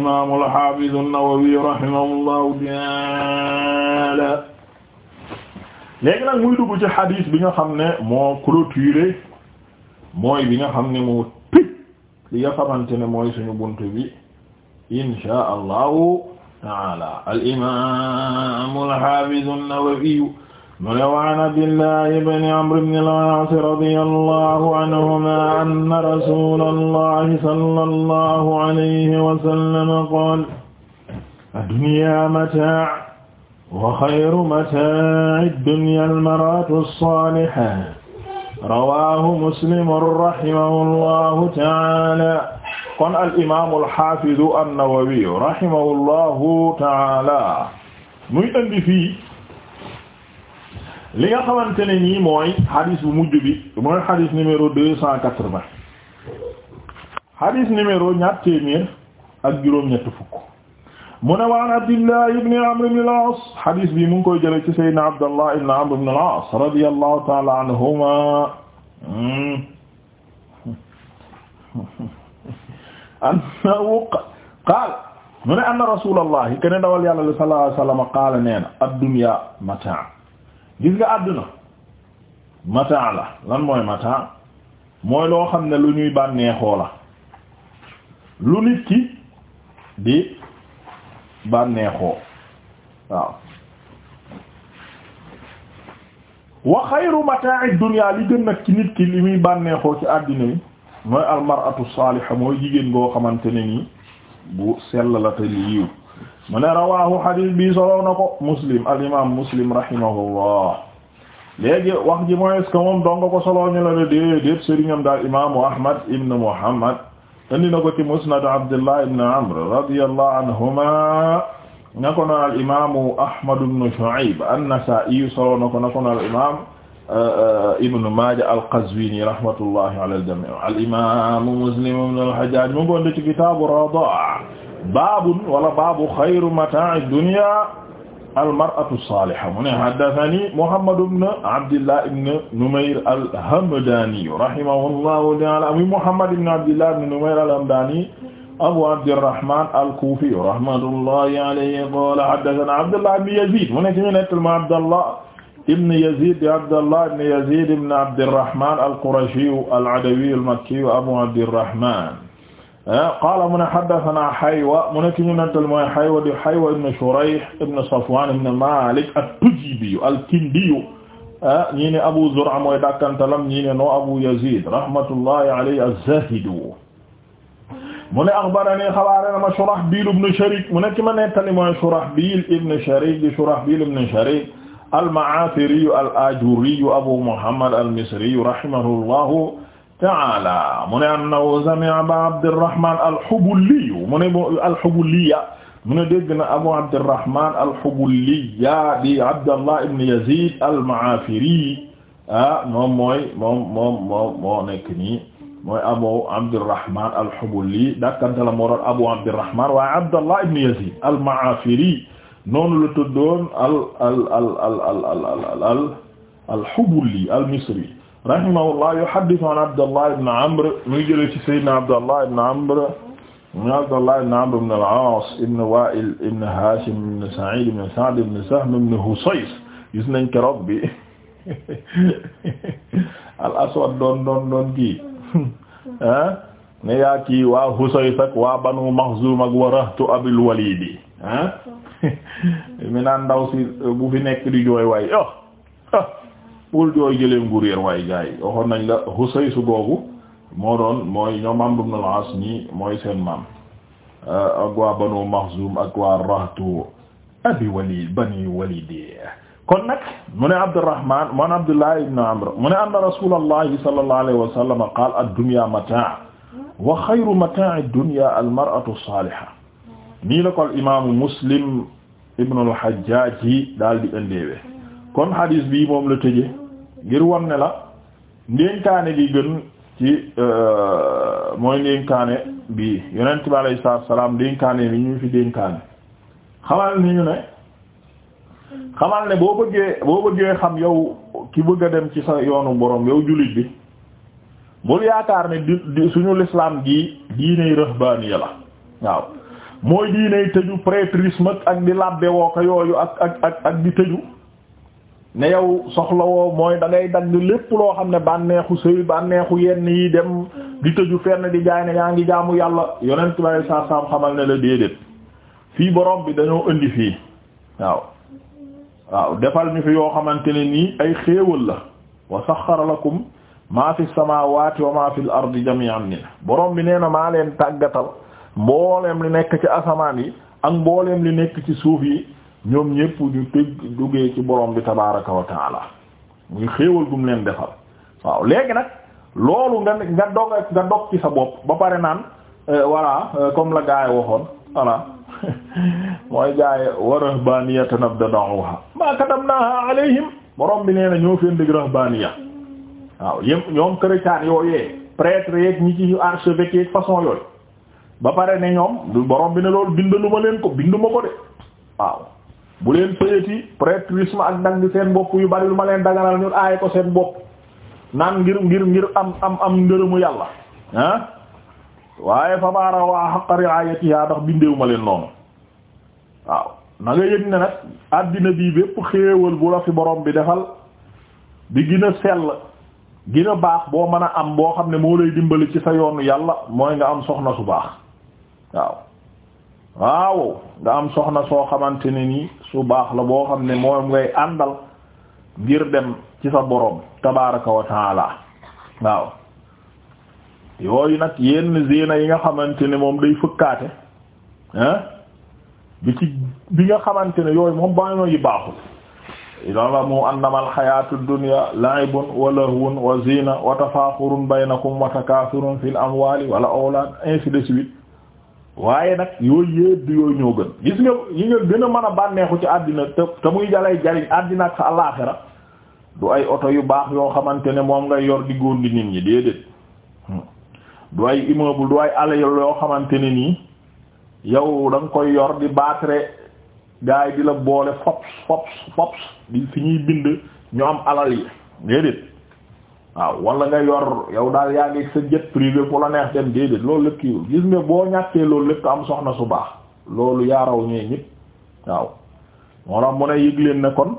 al-imaam al-haafiz an-Nawawi rahimahullahu ta'aala léegi nag muy dugg ci xadiis bi nga xam ne moo clôturé mooy bi nga xam ne moo tëj li nga xamante ne mooy suñu bunt bi inshaa allahu ta'aala al-imaam al-haafiz an-Nawawi mu ne waan Abdillahi ibn Amr ibn al-Aas radiyallahu anhuma anna rasulallahi sallallahu alayhi wa sallam qaala ad-dunya mataa' wa xayru mataa'i ad-dunya al-mar'atu as-saaliha rawaahu Muslim rahimahullahu ta'aala kon al-imaamu al-haafidu an-Nawawi rahimahullahu ta'aala muy andi fii li nga xamante ne nii mooy hadith bu mujj bi mooy hadith numéro deux cent quatre-vingt hadith numéro ñaar téeméer ak juróom-ñett mu ne waan Abdullah ibn Amr ibn al-As hadith bi mu ngi koy ci Seydina Abdullah ibn Amr ibn al-As radiyallahu ta'ala anhuma mu ne anna rasulullahi ken dawal yàlla sallallahu na ad-dunya mataa' gis nga àdduna mataa la lan mooy mataa mooy loo xam ne lu ñuy bànneexoo la lu nit ki di bànneexoo waaw wa xayru mataa'i dunya li gën nag ci nit ki li muy bànneexoo ci àddina bi mooy almaratu saaliha mooy jigéen boo xamante ne nii bu sell la te li mu ne rawaahu hadis bi soloo na ko muslim al imam muslim rahimahullah léegi wax ji mooy est-ce que moom donga ko soloo ñu la ne déedéet sëriñam daal imaamu ahmad ibn muhammad indi na ko ci musnad abdullah ibn amr radiyallahu anhuma na ko noon al imamu ahmad ibn shu'ayb an-nasa'i soloo na ko na ko noon al imam uh, ibn maaja al-qazwini rahmatullahi ala al-jami' al imamu muslim ibn al-hajjaj mu ngi woon ci kitaabu radaa baabun wala baabu xayru mataa'i dunya almar'atu saaliha mu ne haddathani Muhammad ibn Abdillah ibn Numayr al-Hamdani rahimahullahu ta'ala muy Muhammad ibn Abdillah ibn Numayr al-Hamdani Abu Abdirrahman al-Kufi rahmatullahi alayhi qala haddathana Abdullah ibn Yazid mu ne ci ñu nettal ma Abdullah ibn Yazid Abdullah ibn Yazid ibn Abdirrahman al-Qurashi al-Adawi al-Makki Abu Abdirrahman qaala mu ne haddathana Haywa mu ne ki ñu nettal mooy Haywa di Haywa ibn Shurayh ibn Safwan ibn Malik at-Tujibi al-Kindi ñii ne Abu Zur'a mooy dakkantalam ñii ne noo Abu Yazid rahmatullahi alayhi az-Zahid mu ne akhbarani xabaare na ma Shurahbil ibn Sharik mu ne ki ma nettali mooy Shurahbil ibn Sharik di Shurahbil ibn Sharik al-Ma'athiri al-Ajuri Abu Muhammad al-Misri rahimahullahu taala mu ne annahu sami'a ba Abdurrahman al-Hubuli mu ne al-Hubuliya mu ne dégg na Abu Abdurrahman al-Hubuliya di Abdallah ibn Yazid al-Ma'afiri ah moom mooy moom moom moom moo nekk nii mooy Abu Abdurrahman al-Hubuli dakkante la moo doon Abu Abdurrahman waaye Abdallah ibn Yazid al-Ma'afiri noonu la tuddoon al al al al al al al al al-Hubuli al-Misri rahimahullah yuhaddisu an Abdallah ibn Amr muy jëlee ci Seydina Abdallah ibn Amr muy Abdallah ibn Amr ibn al-As ibn Wa'il ibn Hashim ibn Sa'id ibn Sa'd ibn Sahm ibn Husays gis nañ keroog bi al-Aswad doon doon doon kii ah ne yaa kii waa Husays ak waa Banu Makhzum ak wa rahtu Abil Walid ah mi naan ndaw si bu fi nekk di jooy waay oh, oh. bul jooy gëléem gu réer waaye gars yi waxoon nañ la Husays googu moo doon mooy ñoom Amr ibn al-As ñi mooy seen maam euh, ak waa Banu Maxzum ak waa Rahtu abi Walid bani Walid kon nag mu ne Abdurrahman man Abdullah ibn Amr mu ne anna Rasulullahi sallallahu alayhi wa sallam qaala ad-dunya mataa' wa xayru mataa'i ad-dunya al-mar'atu as-saaliha nii la ko al-imaamu Muslim ibn al-Hajjaj daal di andeewe kon hadis bi moom la tëjee ngir won ne la ndénkaane bi gën ci euh, mooy ndénkaane bi yonent bi alayhi salaatu salaam ndénkaane bi ñu fi dénkaane xamal ni ñu ne xamal ne boo bëggee boo bëggee xam yow ki bëgg a dem ci sa yoonu borom yow jullit bi bul yaakaar ne di suñu l'islam gi diiney rahbaaniya la waaw mooy diiney tëju prêtrisme ak di làbbe woo yooyu ak ak ak ak di tëju ne yow soxlawoo mooy da dagg lépp loo xam ne bànneexu sëy bànneexu yenn yi dem di tëju fenn di jaay ne yaa ngi jaamu yàlla yonent may saa saam xamal ne la déedéet fii borom bi dañoo indi fii waaw waaw defal ñu fi yoo xamante ne nii ay xéewal la wa saxxara maa fi samaawaati wa maa fi al-ardi jamii'an min borom bi nee na maa leen tàggatal mbooleem li nekk ci asamaan yi ak mbooleem li nekk ci suuf yi ñoom ñépp ñu tëgg duggee ci borom bi tabaraka wa la muy xéewal gum leen defal waaw léegi nag loolu nga nga dog nga dog ci sa bopp ba pare naan euh, voilà euh, comme la gaay waxoon voilà mooy gaay wa rahbaniyatan abda'uha ma katabnaha alayhim borom bi nee na ñoo feen dëgg rahbaniya waaw yém ñoom chrétien yooyee prêtre yeeg ñi ci ñu archevêque yeeg façon yooyu ba pare ne ñoom du borom bi ne loolu ma leen ko ma ko de waaw bu leen sëyati prêtrisme ak dang seen bopp yu bari lu ma leen daganal ñu aaye ko seen bopp naan ngir ngir ngir am am am ngërëmu yàlla ah waaye famaara waa xaqa riayatiha ndax bindéew ma leen noonu waaw na nga yëg ne nag àddina bii bépp xéewal bu la fi borom bi defal bi gën a sell gën baax boo mën a am boo xam ne moo lay dimbali ci sa yoon yàlla mooy nga am soxna su baax waaw waaw nga am soxna soo xamante ne nii su baax la boo xam ne moom ngay àndal ngir dem ci sa boroom tabaraka wa taala waaw yooyu nag yenn zina yi nga xamante ne moom day fëkkaate ah bi ci bi nga xamante ne yooyu moom bañoo yi baaxul ilamu annama alxayatu dunya la'ibun wa lahwun wa zina wa tafaxurun baynakum wa takathurun fil amwali wal awlad ainsi de suite waaye nag yooyu yëpp di yooyu ñoo gën gis nga yi nga gën a mën a bànneexu ci àddina te te muy jalay jariñ àddina ak sa àllaaxira du ay oto yu baax yoo xamante ne moom ngay yor di góor di nit ñi déedéet hmm. du ay immeuble du ay alal yoo xamante ne nii yow da koy yor di baatre gaay di la boole fops fops fi ñuy bind ñu am alal yi déedéet waaw wala nga yor yow daal yaa ngi sa jet privé ku la neex dem déedéet loolu lépp kiiwul gis nga boo ñàkkee loolu lépp am soxna su baax loolu yaaraw ñee ñépp waaw moo tax mu ne yëg leen ne kon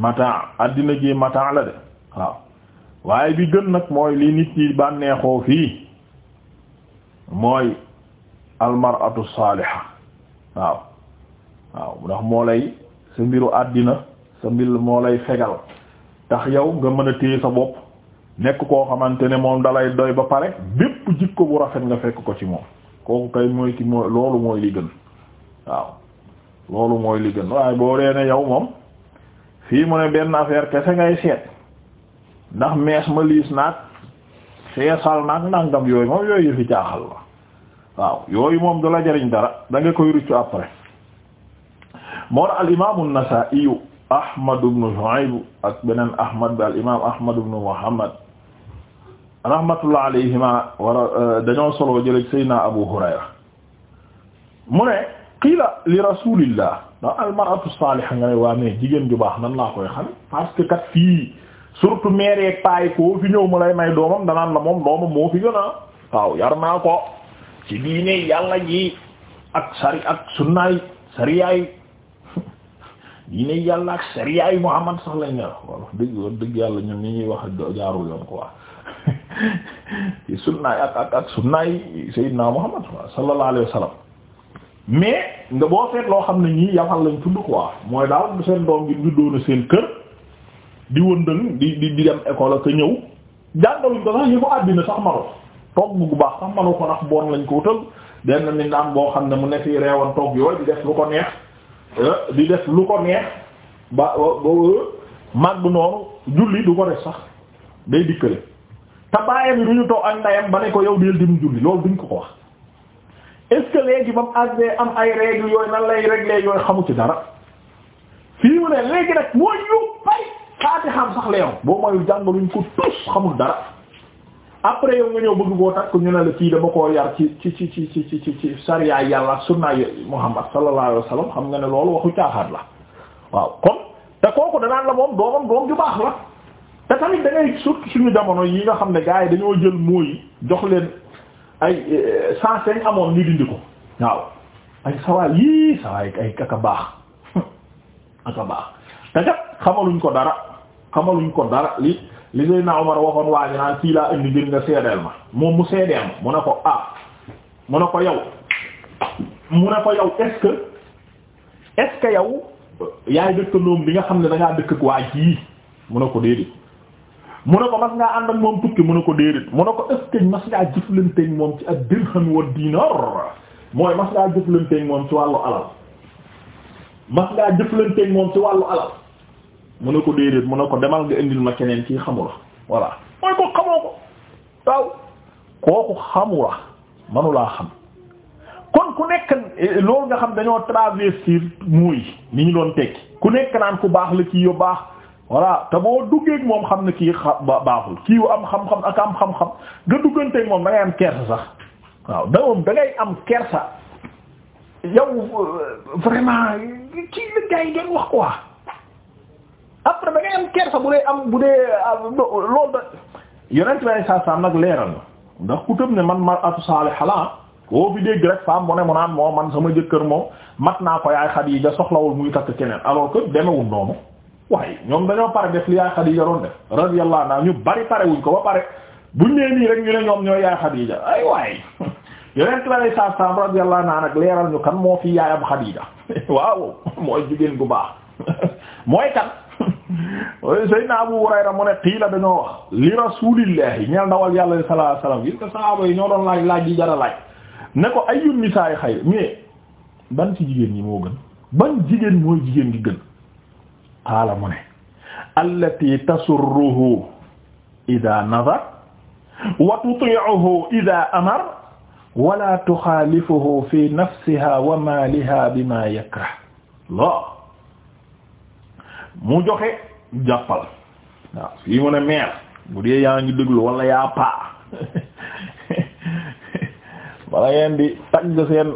matin addina ji matin la de waaw waaye bi gën nag mooy li nit ñi bànneexoo fii mooy almaratu saaliha waaw waaw ndax moo lay sa mbiru àddina sa mbir moo lay fegal tax yow nga mën a téye sa bopp nekk koo xamante ne moom dalay doy ba pare bépp jikko bu rafet nga fekk ko ci moom kooku kay mooy ki mooy loolu mooy li gën waaw loolu mooy li gën waaye boo dee ne yow moom fii mu ne benn affaire kese ngay seet ndax mees ma liis naag seesal naag nangam yooyu moom yooyu yëfi caaxal la waaw yooyu moom du jariñ dara da koy ruccu après moor al imaamu an-Nasaa'i Ahmad ibn Shu'ayb ak beneen Ahmad bi al imaam Ahmad ibn Muhammad rahmatullah alayhima war euh, dañoo solo jëlëj saydna abu hurayra mu ne qiila li rasulillah da almaratu saliha nga ne waa ne jigéen ju baax nan laa koy xam parce que kat fii surtout mère yeeg paay koo fi ñëw lay may doomam danaan la moom doomam moo fi gën a waaw yar naa ko ci diine yàlla ji ak sari ak sunnaay sariyaay diine yàlla ak sariyaay muhammad sax lañ ne wala dëgg dëgg yàlla ñun ni ñuy wax jaarul yoon quoi ci sunnaay ak ak ak sunnaay Seydina Muhammad sallallahu alayhi mais nga boo seet loo xam ne ñii yafal lañ tudd quoi mooy daal seen doom bi juddoo na seen kër di wëndal di di di dem ñëw jàngaluñ ko sax sax maro toog bu baax sax manu ko ndax boon ko wutal benn ni naan boo xam ne mu nekk reewoon toog yooyu di def lu ko neex euh, di def lu ko neex ba ba julli du ko def sax day dikkale te baayam yi du ñu toog ak ndayam ba ne ko yow deel dim julli loolu duñ ko ko wax est-ce léegi ba mu àggee am ay règle yooyu nan lay régler yooyu xamu ci dara fii mu ne léegi rek moo ñu bay xaati xam sax leew boo mayul jàngaluñ ko tus xamul dara après yow nga ñëw bëgg koo takk ñu ne la fii dama koo yar ci ci ci ci ci ci ci sariya yàlla sunna Muhammad sallallahu alayhi xam nga ne loolu waxu caaxaat la waaw kon te kooku danaan la moom doomam doom ju baax te tamit da ngay suñu jamono yi nga xam ne gars yi dañoo jël mooy jox leen ay sens euh, dañ amoon ñu dindi ko waaw ay sawaay yii sawaay ay kaka baax kaka baax te kat xamaluñ ko dara xamaluñ ko dara li li Seydina Omar waxoon waa ñu naan fii laa indi ngir nga seedeel ma moom mu seedeel ma mu ne ko ah mu ne ko yow mu ne ko yow est-ce que est-ce que yow euh, yaay dëkkandoom bi nga xam ne da ngaa dëkk ak waa ji mu ne ko déedéet. mun ne ko mas ngaa ànd ak moom tukki mu ne ko déedéet mu ne ko est-ce que mas ngaa jëflanteeg moom ci ak dirham wa dinar mooy mas ngaa jëflanteeg moom ci wàllu alal mas ngaa jëflanteeg moom ci wàllu alal mu ne ko déedéet mun ne ko demal nga indil ma keneen ci xamula voilà mooy ko xamoo ko waaw kooku xamula manulaa xam kon ku nekk loolu nga xam dañoo traverser muy ni ñu doon tekki ku nekk naan ku baax la ci yu baax voilà te boo duggee moom xam ne kii xa baaxul kii wu am xam-xam ak am xam-xam nga dugganteeg moom da ngay am kersa sax waaw da moom am kersa yow euh, vraiment kii wax quoi après da bu dee am bu dee loolu da yonent bi saa saa nag leeral na ndax ku tëm ne man mar'atu salihah la boo fi dégg rek femme mu ne mu naan moo man sama jëkkër moo mat naa ko yaay Xadiija soxlawul muy takk keneen alors que demewul noonu. waaye ñoom dañoo pare def li yaay Xadiija doon def radiyallahu anha ñu bari pare wuñ ko ba pare buñ nee nii rek ñu ne ñoom ñooy yaay Xadiija ay waaye yonent bi alayhi salaatu salaam radiyallahu anha nag leeral ñu kan moo fi yaayam Xadiija waaw mooy jigéen gu baax mooy kan Seydina Abu Hurayra mu ne qiila dañoo wax li rasuulillahi ñeel yàlla sallallahu alayhi wasallam yi ñoo doon laaj laaj yi jara laaj ne ko ayyun nisaa xayr mais ban ci jigéen ñi moo gën ban jigéen mooy jigéen gi gën qaala mu ne allati tasurruhu ida nadar wa tuti'uhu ida amar wala tuxaalifuhu fi nafsiha wa maaliha bima yakrah lo mu joxe jàppal waaw fii mu ne meer bu dee yaa ngi déglu wala yaa paa wala ngeen di tagg seen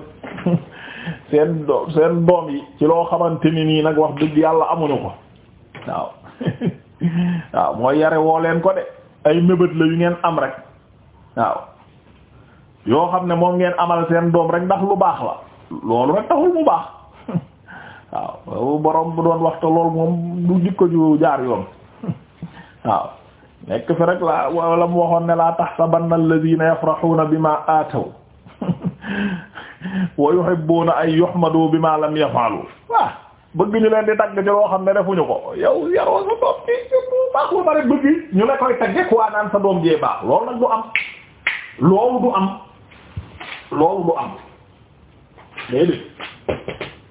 seen doom seen doom yi ci loo xamante ni nii nag wax dëgg yàlla amuñu ko waaw waaw mooy yare woo leen ko de ay mébét la yu ngeen am rek waaw yoo xam ne moom ngeen amal seen doom rek ndax lu baax la loolu rek taxul mu baax waaw borom bu doon waxta lool moom du jikko ju jaar yoon waaw nekk fi rek la wala mu waxoon ne laa taxsabanna alladhina yafrahuna bima ataw wa yuhibbuna ay yuhmadu bima lam yaf'alu waaw bëgg ñu leen di tagg ci loo xam ne defuñu ko yow yaroo sa lu bare ñu la koy tagge quoi naan sa doom jee baax loolu nag du am loolu du am loolu du am léegi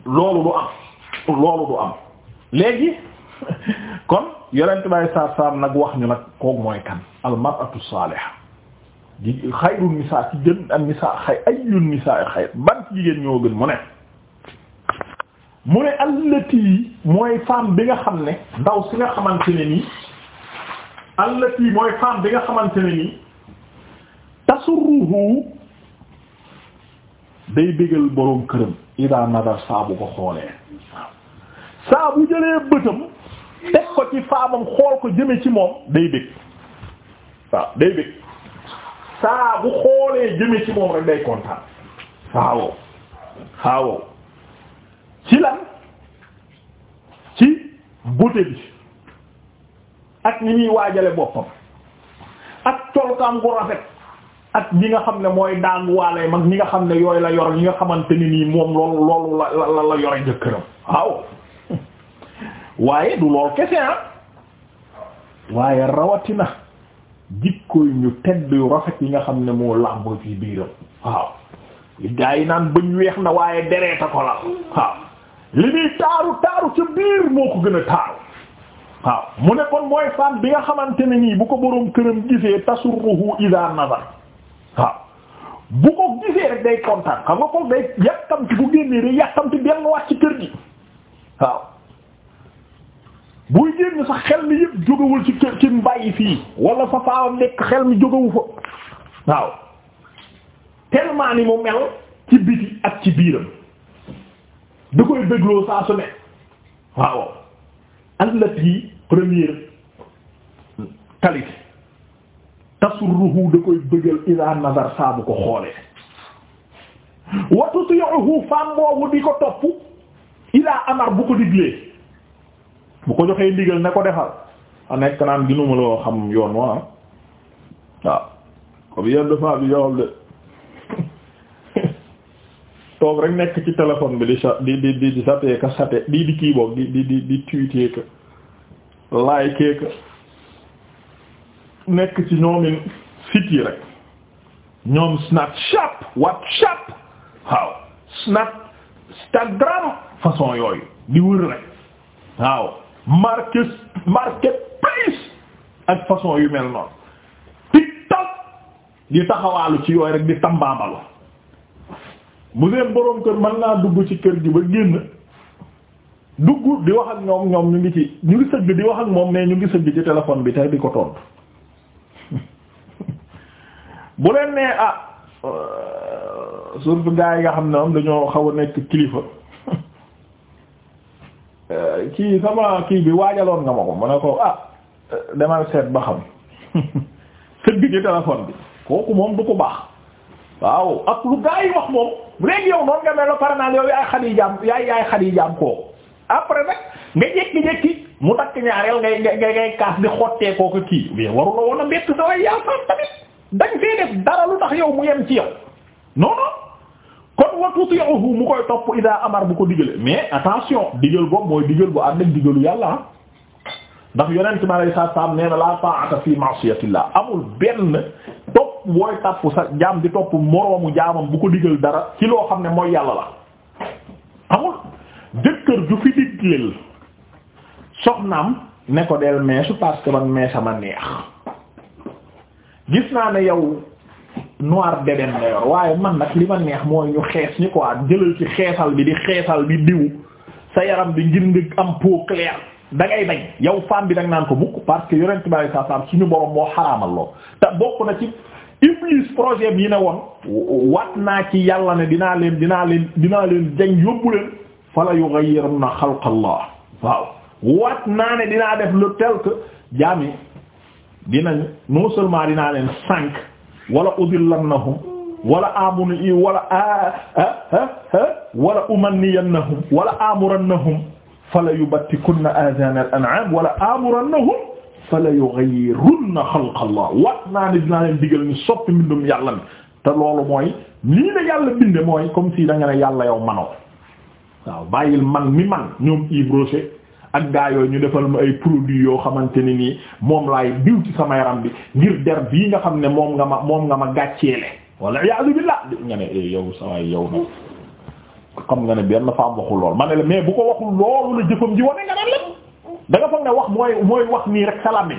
loolu du am kon yonent bay saar saar nag wax ñu nag kooku mooy kan al mar'atu salihah ji xayru nisaa ci gën am nisaa xay ayu nisaa xayr ban jigéen ñoo gën mu ne mu ne allati mooy femme bi nga xam ne ndaw si nga xamante ne nii allati mooy femme bi nga xamante ne nii tasurruhu day bégal boroom këram ida nadar saa bu ko xoolee saa bu jëlee bëtam teg ko ci faamam xool ko jëme ci moom day bég waaw day bég saa bu xoolee jëme ci moom rek day kontaan waaw waaw ci lan ci beauté bi ak ni muy waajale boppam ak colkaam gu rafet ak ñi nga xam ne mooy daan waaleem ak ñi nga xam ne yooyu la yor ñi nga xamante ni nii moom loolu loolu la la la yore jëkkëram waaye du lool kese ah waaye rawatina jikkoy ñu tedd yu rafet yi nga xam ne moo làmboo ci biiram waaw gaa yi naan bañ weex na waaye dereet a ko la waaw li muy taaru taaru ca biir moo ko gën a taaru waaw mu nekkoon kon mooy femme bi nga xamante ne nii bu ko boroom këram gisee tasurruhu ida nazar waaw bu ko gisee rek day kontaan xam nga ko day yàkkamti bu génnee day yàkkamti sa xel mi yëpp jógewul ci ci mbay fii wala sa faawam nekk xel mi jógewu fa waaw tellement ni mu mel ci biti ak ci biiram da koy bégloo saa su ne waaw allati première qualité tasurruhu da koy bëggal ila nazar saa bu ko xoolee wa tuti'uhu faam boobu di ko topp ila amar bu ko diglee bu ko joxee ndigal ne ko defal a nekk naan ginuma loo xam yoon waa ah. waaw comme yenn dafa bi yoo xam de nekk ci téléphone bi ka nekk ci ñoomin fit yi rek ñoom Snapchat WhatsApp waaw Snap Instagram façon yooyu di wër rek waaw marqué marqué ak façon yu mel noonu tiktok di taxawaalu ci yooyu rek di tambaabalu mu seen boroom kër man naa dugg ci kër gi ba génn dugg di wax ak ñoom ñoom ñu ngi ci ñu ngi sëgg di wax ak moom mais ñu ngi sëgg ci téléphone bi tey di ko tontu bu leen nee ah euh, surtout gars yi nga xam ne moom dañoo xaw a nekk kilifa Euh, kii sama kii bi waajaloon nga ma ko mu ne ko ah demal seet ba xam sëgg ci téléphone bi kooku moom du ko baax waaw ak lu gaa yi wax moom léegi yow noonu nga mel ne par yow yaay Xadiijaam yaay yaay Xadiijaam kooku après nag nga jékki-jékki mu takk ñaareel ngay ngay ngay kaas di xottee kooku kii mais waru la woon a mbett sa way yaa faam tamit dañ fee def dara lu tax yow mu yem ci yaw non kon wa tuti'uhu mu koy topp idaa amar bu ko digalee mais attention digal boobu mooy digal bu ànd ak digalu yàlla ah. ndax yonent mi ma salaatu salaam nee na laa ta'ata fi ma'siyatillah amul benn topp wooy topp sa jaam di topp moroomu jaamam bu ko digal dara ci loo xam ne mooy yàlla la amul jëkkër ju fi digleel soxnaam ne ko del meesu parce man meesa ma neex gis naa ne yow noir deben la waaye man nag li ma neex mooy ñu xees ñi quoi jëlal ci xeesal bi di xeesal bi diw sa yaram bi ngir nga am peau claire da ngay bañ yow femme bi da naan ko mukk parce que yonent bi sallallahu alayhi wasallam suñu borom moo xaraamal lool te bokk na ci Iblis projet bi ne woon wat naa ci yàlla ne dinaa leen dinaa leen dinaa leen jañ yóbbu leen na yughayyirunna xalqallah waaw wat naa ne dinaa def lu tel que jaami dinañ non seulement dinaa leen sànq wala udillannahum wala amuni wala ah, ah, ah, wala umanniyannahum wala amurannahum fala yubattikunna adhana al-an'am wala amurannahum fala yughayyirunna xalqa Allah wat naa ne dinaa leen digal ñu soppi mbindum yàlla mi te loolu mooy lii la yàlla binde mooy comme si da nga ne yàlla yow manoo waaw bàyyil man mi man ñoom Ibroché ak gaa yooyu ñu defal ma ay produits yoo xamante ne nii moom laay diw ci sama yaram bi ngir der bii nga xam ne moom nga ma moom nga ma gàcceele wala iyaazu billah nga ne eh, yow sawaay yow na xam nga ne benn femme waxul lool ma la mais bu ko waxul loolu la jëfam ji wane nga naan lépp da nga wax mooy mooy wax nii rek salaam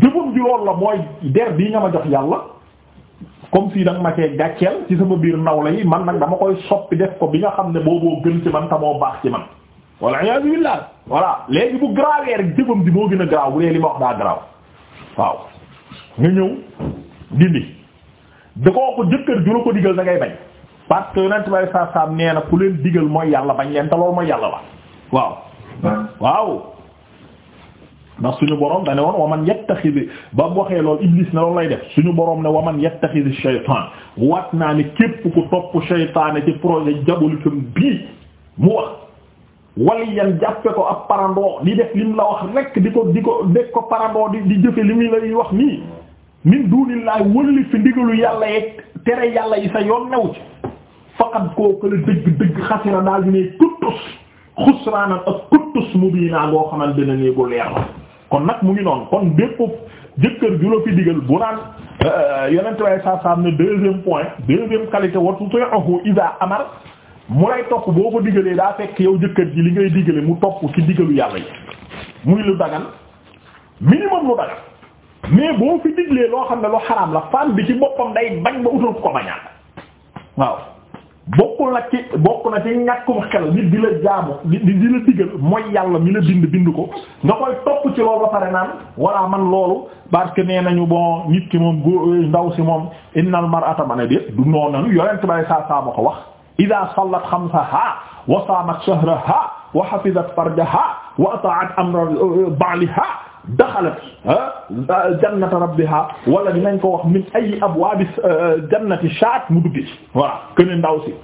jëfam ji loolu la mooy der bii nga ma jox yàlla comme si da nga ma cee gàcceel ci sama biir nawla yi man nag dama koy ko bi nga xam ne booboo gën ci moo baax ci man wala iyaazu billaah voilà léegi bu grawee rek jëfam bi moo gën a graw bu dee li ma wax daa graw waaw nga ñëw dindi da koo ko jëkkër ju ko digal da ngay bañ parce que yonent bay sa sam ku leen digal mooy yàlla bañ leen te mooy yàlla la waaw waaw ndax suñu borom dane woon waman yattaxidi ba waxee loolu iblis ne loolu lay def suñu borom ne waman yattaxidi shaytan waat naa ni képp ku topp shaytaane ci projet diabolique bii mu wax waliyan jàppe ko ab parandoo di def lim la wax rekk di ko di ko def ko parandoo di di jëfe li muy lay wax nii min dunillahi wëlli fi ndigalu yàlla yeeg tere yàlla yi sa yoon new ci faqad kooku la dëgg dëgg xasira daal di ne kuttus xusraanan ak kuttus mubiina goo xamal dina ne gu leer la kon nag mu ngi noonu kon bépp jëkkër ju la fi digal bu naan euh, yonent way sa sam ne deuxième point deuxième qualité wa tuti'uhu iza amar mu lay topp boo ko digalee daa fekk yow jëkkër ji li ngay digale mu topp ci digalu yàlla yi muy lu dagan minimum lu dagan mais boo fi diglee loo xam ne lu xaraam la femme bi ci boppam day bañ ba utal ko bañaat waaw bokkul na ci bokk na ci ñàkkum xel nit di la jaamu di di la digal mooy yàlla mi la bind bind ko nga koy topp ci loolu ba pare naan walla man loolu parce que nee nañu bon nit ki moom góor ndaw si moom innal mar'ata ma ne déet du noonu ko wax ida sallat xamsaha wa saamat shahraha wa hafizat farjaha wa ata'at amra uh, uh, ba'liha daxalat jannata rabbiha wala dinañ ko wax min ay abwaabi uh, jannati shaat mu dugg ci voilà kene ndaw si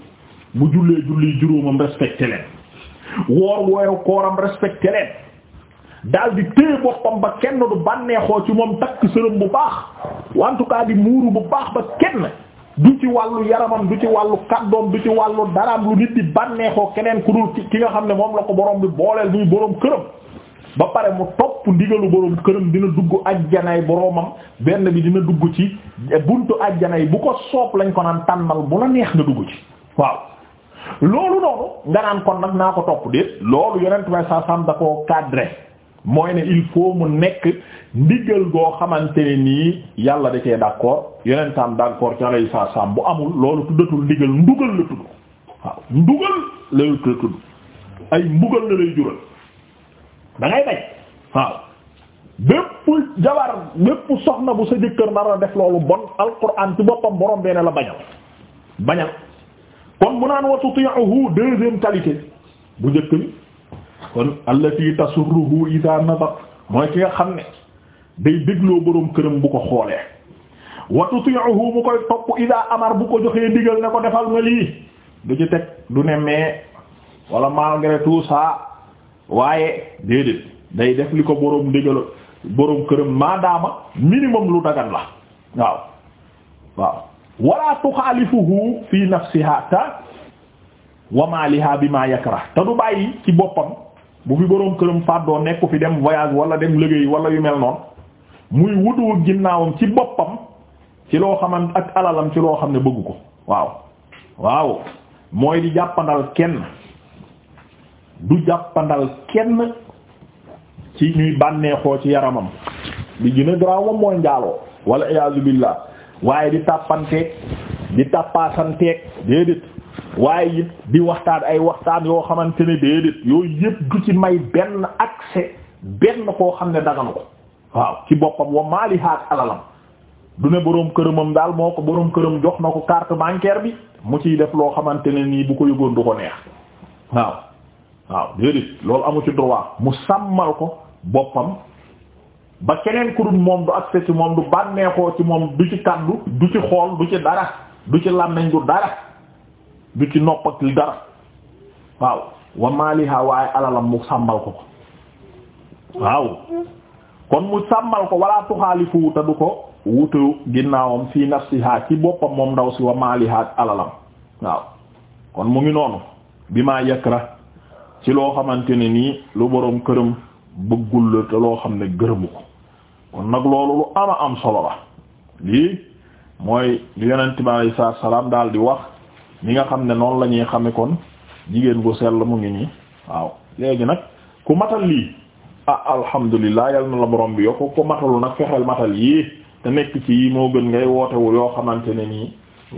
bu jullee julli juróomam respecté leen woor wooyu kooram respecté leen daal di téye boppam ba kenn du bànneexoo ci moom takk sërëm bu baax en tout cas di muuru bu baax ba kenn du ci wàllu yaramam du ci wàllu kaddoom du ci wàllu daraam lu nit di bànneexoo keneen ku dul ki nga xam ne moom la ko borom bi booleel muy borom këram ba pare mu topp ndigalu borom këram dina dugg ajjanaay boromam benn bi dina dugg ci buntu ajjanaay bu ko soob lañ ko naan tànnal bu la neex nga dugg ci waaw. loolu noonu nga naan kon nag naa ko topp déet loolu yonent may sa sam da koo cadré. mooy ne il faut mu nekk ndigal goo xamante ne nii yàlla de cee d'accord yonentam d'accord ci alayhi salaam bu amul loolu tuddatul ndigal ndugal la tudd waaw ndugal la tudd ay mbugal la lay jural da ngay bañ waaw bépp jabar bépp soxna bu sa jëkkër nar a def loolu bon alquran ci boppam borom benn la bañal bañal kon mu naan wa tuti'uhu deuxième qualité bu njëkk bi kon allati tasurruhu idha nadaq mooy ki nga xam ne day dégloo boroom këram bu ko xoolee wa tuti'uhu mu koy topp idha amar bu ko joxee digal ne ko defal nga lii du ci teg du ne mais wala malgré waaye déedéet day def li ko boroom digal boroom këram maadaama minimum lu dagan la waaw waaw wala tuxaalifuhu fi nafsiha ta wa maliha bima yakrah te du bàyyi ci boppam bu fi boroom këram fàddoo nekku fi dem voyage wala dem liggéey wala yu mel noonu muy wutu ginnaawam ci boppam ci loo xamant ak alalam ci loo xam ne bëgg ko waaw waaw mooy di jàppandal kenn du jàppandal kenn ci ñuy bànneexoo ci yaramam li gën a garaaw moom mooy njaaloo wala iyaazu billah waaye di tàppanteeg di tàppaasanteeg déedéet waaye it di waxtaan ay waxtaan yoo xamante ne déedéet yooyu yëpp du ci may benn accès benn koo xam ne daganu ko waaw ci boppam wa maali haak alalam du ne boroom këramam daal moo ko boroom këram jox na ko carte bancaire bi mu ciy def loo xamante ne nii bu ko yëgoon du ko neex waaw waaw déedéet loolu amu ci droit mu sàmmal ko boppam ba keneen ku dul moom du accès ci moom du bànneexoo ci moom du ci kàddu du ci xool du ci dara du ci làmmiñ du dara du ci nopp ak dara waaw wa maaliha waaye alalam mu sàmmal ko ko waaw kon mu sàmmal ko wala tuxaalifu te du ko wutu ginnaawam fii nafsiha ci boppam moom ndaw si wa maaliha alalam waaw kon mu ngi noonu bi maa yakra ci loo xamante ne nii lu boroom këram bëggul la te loo xam ne gërëmu ko kon nag loolu lu ama am solo la lii mooy lu yonent bi salaam daal di wax ñi nga xam ne noonu la ñuy xame kon jigéen gu sell mu ngi nii waaw léegi nag ku matal lii ah alhamdulilah yal na la borom bi yokku ku matalu nag fexeel matal yii te nekk ci yi moo gën ngay wootewu yoo xamante ne nii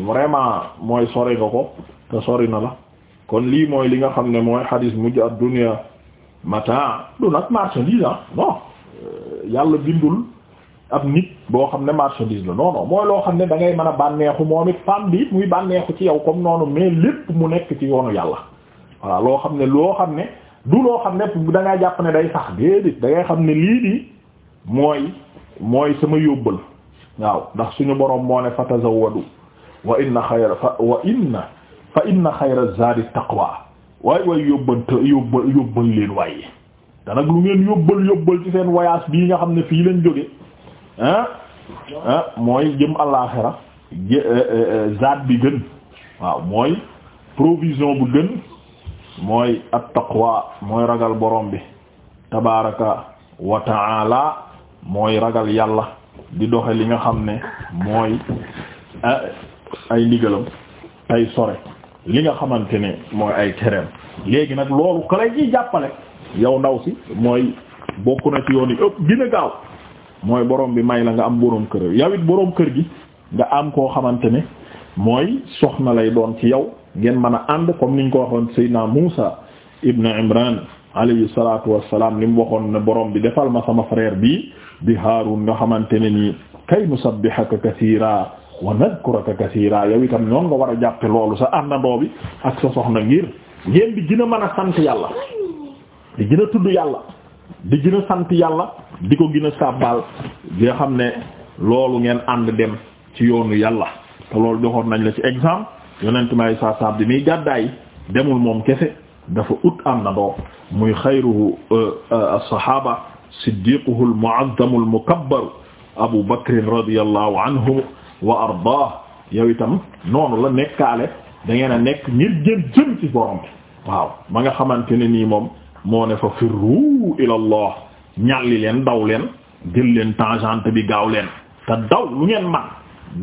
vraiment mooy sori nga ko te sori na la kon lii mooy li nga xam ne mooy xadis mujj ad dunya matin du nag marchandise ah euh, yàlla bindul ab nit boo xam ne marchandise la non mooy loo xam ne dangay ngay mën a bànneexu moom it femme bi muy bànneexu ci yow comme noonu mais lépp mu nekk ci yoonu yàlla voilà loo xam ne loo xam ne du loo xam ne da ngay jàpp ne day sax déedéet da ngay xam ne lii di mooy mooy sama yóbbal waaw ndax suñu borom moo ne fa tazawwadu wa inna xayra fa wa waay waay yóbbante yóbbal yóbbal leen waaye te nag lu ngeen yóbbal yóbbal ci seen voyage bii nga xam ne fii leen jóge mooy jëm àllaaxira euh, euh, euh, zaat bi gën waaw mooy provision bu gën mooy at-taqwa mooy ragal borom bi tabaraka wa ta'ala mooy ragal yàlla di doxe li nga xam ne mooy ay ndigalam ay sore li nga xamante ne mooy ay tereem léegi nag loolu ka lay jàppale yow ndaw si mooy bokk na ci yoon yi ëpp gën a gaaw mooy borom bi may la nga am boroom kër yow boroom kër gi nga am koo xamante ne mooy soxna lay doon ci yow ngeen mën a ànd comme niñ ko waxoon Seydina Muusa ibn Imran alayhi salaatu wassalaam li mu waxoon ne boroom bi defal ma sama frère bi di Haarun nga xamante ne nii kay nusabbihaka kasiira wa nadhkuraka kasiira yow itam ñoon nga war a jàppe loolu sa àndandoo bi ak sa soxna ngir ngeen di gën a mën a sant yàlla di gën tudd yàlla di gën a yàlla di ko gën a nga xam ne loolu ngeen ànd dem ci yoonu yàlla te loolu joxoon nañ la ci exemple yonent may sa sab bi muy gàddaay demul moom kese dafa ut am na doo muy xayruhu euh, euh, as-sahaba siddiquhu al-mu'azzamu al-mukabbaru abu bakrin radiyallahu anhu wa ardah yow itam noonu la nekkaale da ngeen a nekk ngir jëm jëm ci borom bi waaw ma nga xamante ne nii moom moo fa firru ila ñàlli leen daw leen jël leen tangente bi gaaw leen te daw lu ngeen man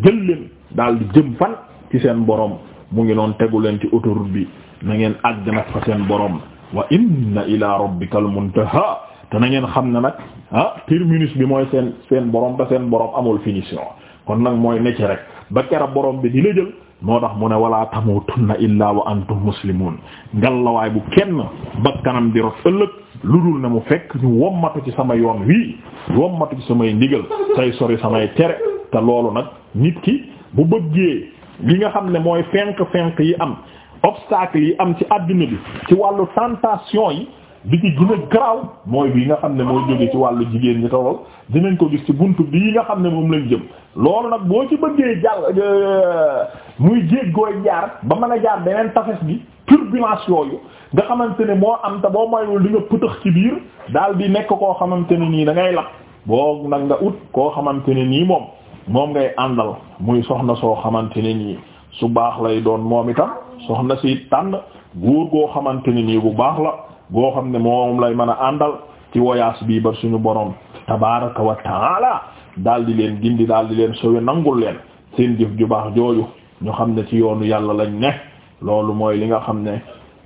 jël leen daal di jëm fan ci seen borom mu ngi noon tegu leen ci autoroute bi na ngeen àgg nag fa seen borom wa inna ila rabbikal muntaha te na ngeen xam na nag ah terminus bi mooy seen seen borom te seen borom amul finition kon nag mooy necc rek ba kera borom bi di la jël moo tax mu ne walaa wala tamutunna illaa wa antum muslimun ngallawaay bu kenn bakkanam di rot ëllëg lu dul na mu fekk ñu wommatu ci sama yoon wii wommatu ci samay ndigal tey sori samay tere te loolu nag nit ki bu bëggee li nga xam ne mooy fenk fenk yi am obstacle yi am ci àdduna bi ci wàllu tentation yi bi ci gën a mooy bi nga xam ne mooy jóge ci wàllu jigéen ñi tolol dinañ ko gis ci buntu bii nga xam ne moom lañ jëm loolu nag boo ci bëggee jàll euh, muy jéeg gooy jaar ba man a jaar beneen tafes bi turbulence yooyu nga xamante ne moo am te boo moyul li nga pëtëx ci biir daal di nekk koo xamante ne nii da ngay lap boo nag nga ut koo xamante ne nii moom moom ngay àndal muy soxna soo xamante ne nii su baax lay doon moom itam soxna si tànn góor goo xamante ne nii bu baax la goo xam ne moom lay mën a àndal ci voyage bii ba suñu borom tabaraka wa taala daal di leen gindi daal di leen sowe nangul leen seen jëf ju baax jooju ñu xam ne ci yoonu yàlla lañ ne loolu mooy li nga xam ne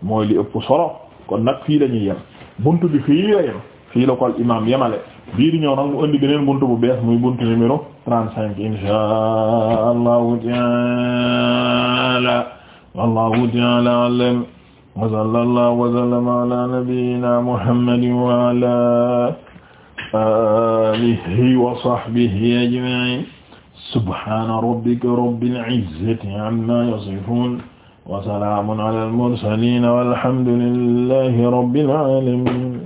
mooy li ëpp solo kon nag fii la ñuy yem buntu bi fii la yem fii la ko al imaam yemale bii di ñëw nag mu indi buntu bu bees muy buntu numéro trente-cinq inshaa allahu taala wallahu taala alam wa sallallahu wa sallama ala nabiyyina muhammadin wa ala alihi wa sahbihi ajma'in subhana rabbika rabbil izzati amma yasifun wa salamun ala al mursalin walhamdulillahi rabbil alamin